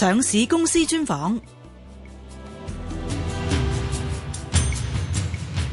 上市公司專訪。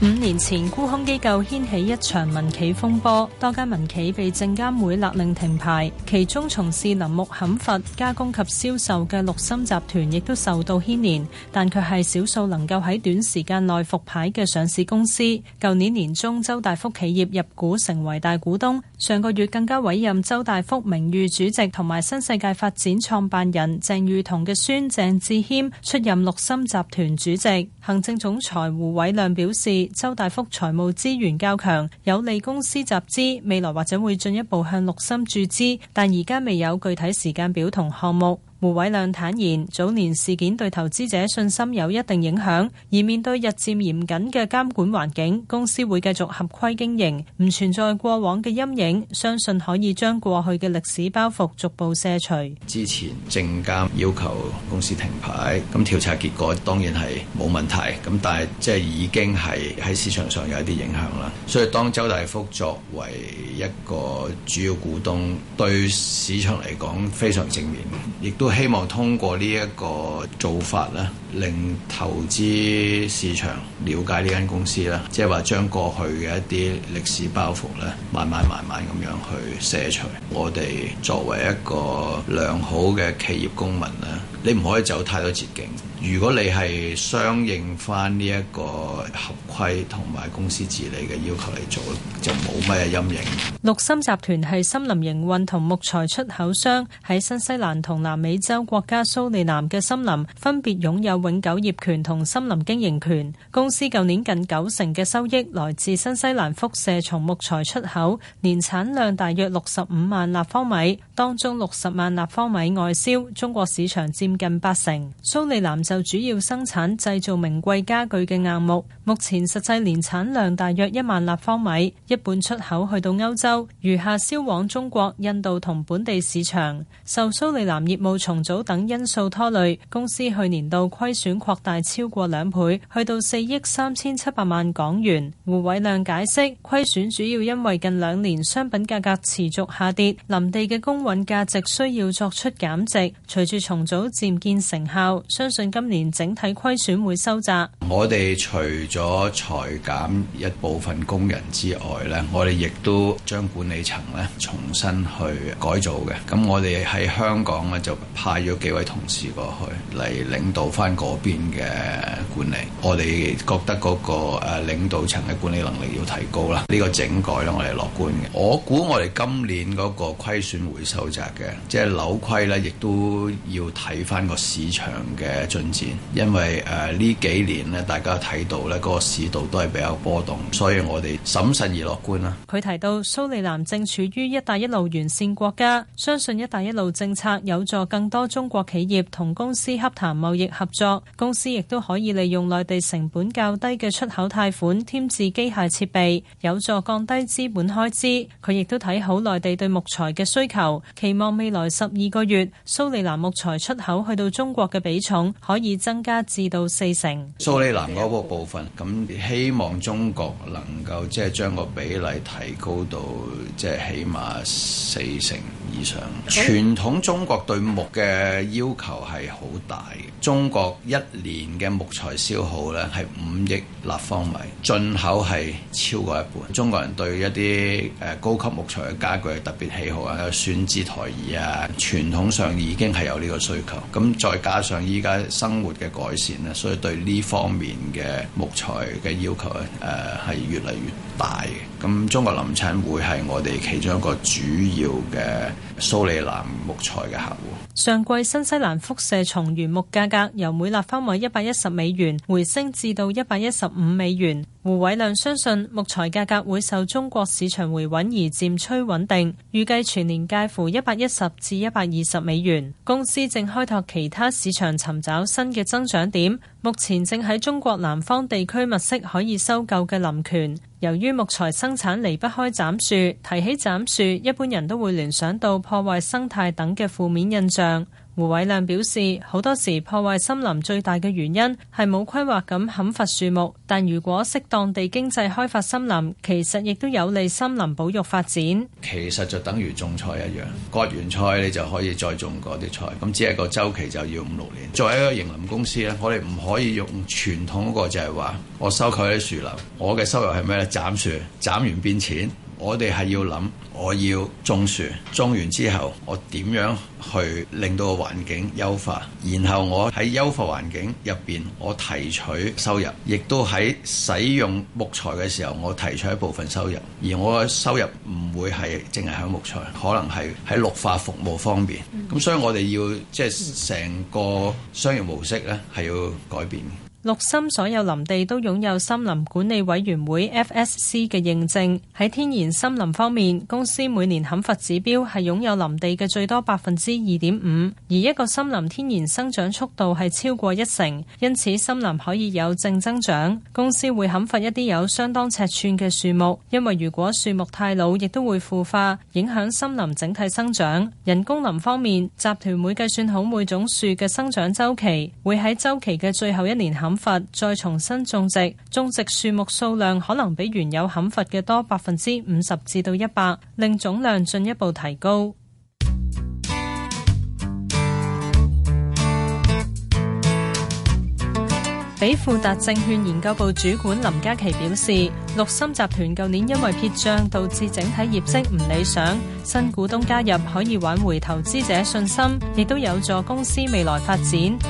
五年前，沽空機構掀起一場民企風波，多間民企被證監會勒令停牌。其中，從事林木砍伐、加工及銷售嘅綠心集團亦都受到牽連，但卻係少數能夠喺短時間內復牌嘅上市公司。舊年年中，周大福企業入股成為大股東，上個月更加委任周大福名譽主席同埋新世界發展創辦人鄭裕彤嘅孫鄭志謙出任綠心集團主席。行政總裁胡偉亮表示。周大福財務資源較強，有利公司集資，未來或者會進一步向綠心注資，但而家未有具體時間表同項目。胡偉亮坦言，早年事件對投資者信心有一定影響，而面對日漸嚴謹嘅監管環境，公司會繼續合規經營，唔存在過往嘅陰影，相信可以將過去嘅歷史包袱逐步卸除。之前證監要求公司停牌，咁調查結果當然係冇問題，咁但係即係已經係喺市場上有一啲影響啦。所以當周大福作為一個主要股東，對市場嚟講非常正面，亦都。我希望通過呢一個做法咧，令投資市場了解呢間公司啦，即係話將過去嘅一啲歷史包袱咧，慢慢慢慢咁樣去卸除。我哋作為一個良好嘅企業公民咧，你唔可以走太多捷徑。如果你係相應翻呢一個合規同埋公司治理嘅要求嚟做，就冇咩陰影。綠森集團係森林營運同木材出口商，喺新西蘭同南美洲國家蘇利南嘅森林分別擁有永久業權同森林經營權。公司舊年近九成嘅收益來自新西蘭輻射松木材出口，年產量大約六十五萬立方米，當中六十萬立方米外銷，中國市場佔近八成。蘇利南就主要生產製造名貴家具嘅硬木，目前實際年產量大約一萬立方米，一半出口去到歐洲，餘下銷往中國、印度同本地市場。受蘇里南業務重組等因素拖累，公司去年度虧損擴大超過兩倍，去到四億三千七百萬港元。胡偉亮解釋，虧損主要因為近兩年商品價格持續下跌，林地嘅公允價值需要作出減值。隨住重組漸見成效，相信今年整體虧損會收窄。我哋除咗裁減一部分工人之外咧，我哋亦都將管理層咧重新去改造嘅。咁我哋喺香港咧就派咗幾位同事過去嚟領導翻嗰邊嘅管理。我哋覺得嗰個誒領導層嘅管理能力要提高啦。呢個整改咧我哋樂觀嘅。我估我哋今年嗰個虧損會收窄嘅，即係扭虧咧亦都要睇翻個市場嘅進。因為誒呢幾年咧，大家睇到呢嗰個市道都係比較波動，所以我哋審慎而樂觀啦。佢提到蘇利南正處於一帶一路沿線國家，相信一帶一路政策有助更多中國企業同公司洽談貿易合作，公司亦都可以利用內地成本較低嘅出口貸款添置機械設備，有助降低資本開支。佢亦都睇好內地對木材嘅需求，期望未來十二個月蘇利南木材出口去到中國嘅比重可可以增加至到四成，蘇利南嗰個部分，咁希望中國能夠即係將個比例提高到即係、就是、起碼四成。以上傳統中國對木嘅要求係好大嘅。中國一年嘅木材消耗咧，係五億立方米，進口係超過一半。中國人對一啲誒、呃、高級木材嘅家具特別喜好啊，有酸枝台椅啊。傳統上已經係有呢個需求，咁再加上依家生活嘅改善咧，所以對呢方面嘅木材嘅要求咧誒、係、呃、越嚟越大嘅。咁中國林產會係我哋其中一個主要嘅。蘇里南木材嘅客戶，上季新西蘭輻射松原木價格由每立方米一百一十美元回升至到一百一十五美元。胡偉亮相信木材價格會受中國市場回穩而漸趨穩定，預計全年介乎一百一十至一百二十美元。公司正開拓其他市場尋找新嘅增長點，目前正喺中國南方地區物色可以收購嘅林權。由於木材生產離不開斬樹，提起斬樹，一般人都會聯想到破壞生態等嘅負面印象。胡偉亮表示，好多時破壞森林最大嘅原因係冇規劃咁砍伐樹木，但如果適當地經濟開發森林，其實亦都有利森林保育發展。其實就等於種菜一樣，割完菜你就可以再種嗰啲菜，咁只係個週期就要五六年。作為一個營林公司咧，我哋唔可以用傳統嗰個就係話我收購啲樹林，我嘅收入係咩咧？斬樹，斬完變錢。我哋係要諗我要種樹種完之後，我點樣去令到個環境優化，然後我喺優化環境入邊，我提取收入，亦都喺使用木材嘅時候，我提取一部分收入。而我嘅收入唔會係淨係響木材，可能係喺綠化服務方面。咁所以我哋要即係成個商業模式咧，係要改變。綠森所有林地都擁有森林管理委員會 （FSC） 嘅認證。喺天然森林方面，公司每年砍伐指標係擁有林地嘅最多百分之二點五，而一個森林天然生長速度係超過一成，因此森林可以有正增長。公司會砍伐一啲有相當尺寸嘅樹木，因為如果樹木太老，亦都會腐化，影響森林整體生長。人工林方面，集團會計算好每種樹嘅生長週期，會喺週期嘅最後一年砍伐，再重新種植，種植樹木數量可能比原有砍伐嘅多百分之五十至到一百，100，令總量進一步提高。比富達證券研究部主管林嘉琪表示，綠森集團舊年因為撇賬導致整體業績唔理想，新股東加入可以挽回投資者信心，亦都有助公司未來發展。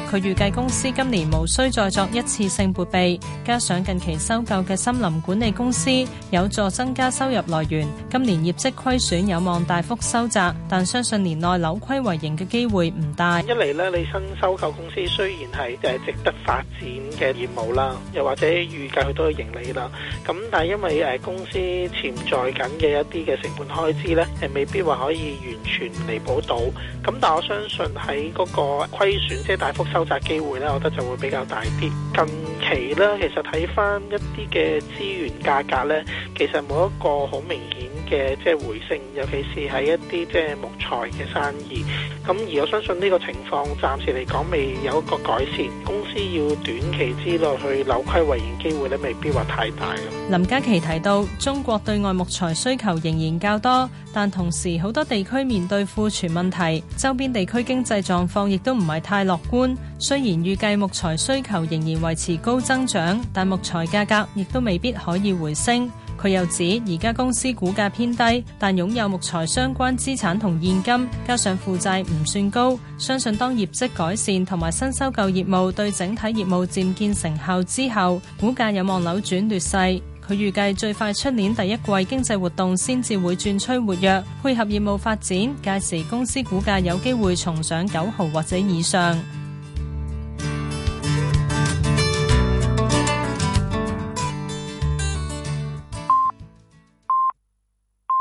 佢預計公司今年無需再作一次性撥備，加上近期收購嘅森林管理公司有助增加收入來源，今年業績虧損有望大幅收窄。但相信年內扭虧為盈嘅機會唔大。一嚟呢，你新收購公司雖然係就係值得發展。嘅業務啦，又或者預計佢都要盈利啦。咁但係因為誒、呃、公司潛在緊嘅一啲嘅成本開支呢，係未必話可以完全彌補到。咁但係我相信喺嗰個虧損即係大幅收窄機會呢，我覺得就會比較大啲。更期啦，其實睇返一啲嘅資源價格咧，其實冇一個好明顯嘅即係回升，尤其是喺一啲即係木材嘅生意。咁而我相信呢個情況暫時嚟講未有一個改善，公司要短期之內去扭虧為盈機會咧，未必話太大。林嘉琪提到，中國對外木材需求仍然較多，但同時好多地區面對庫存問題，周邊地區經濟狀況亦都唔係太樂觀。雖然預計木材需求仍然維持高增長，但木材價格亦都未必可以回升。佢又指，而家公司股價偏低，但擁有木材相關資產同現金，加上負債唔算高，相信當業績改善同埋新收購業務對整體業務漸見成效之後，股價有望扭轉劣勢。佢預計最快出年第一季經濟活動先至會轉趨活躍，配合業務發展，屆時公司股價有機會重上九毫或者以上。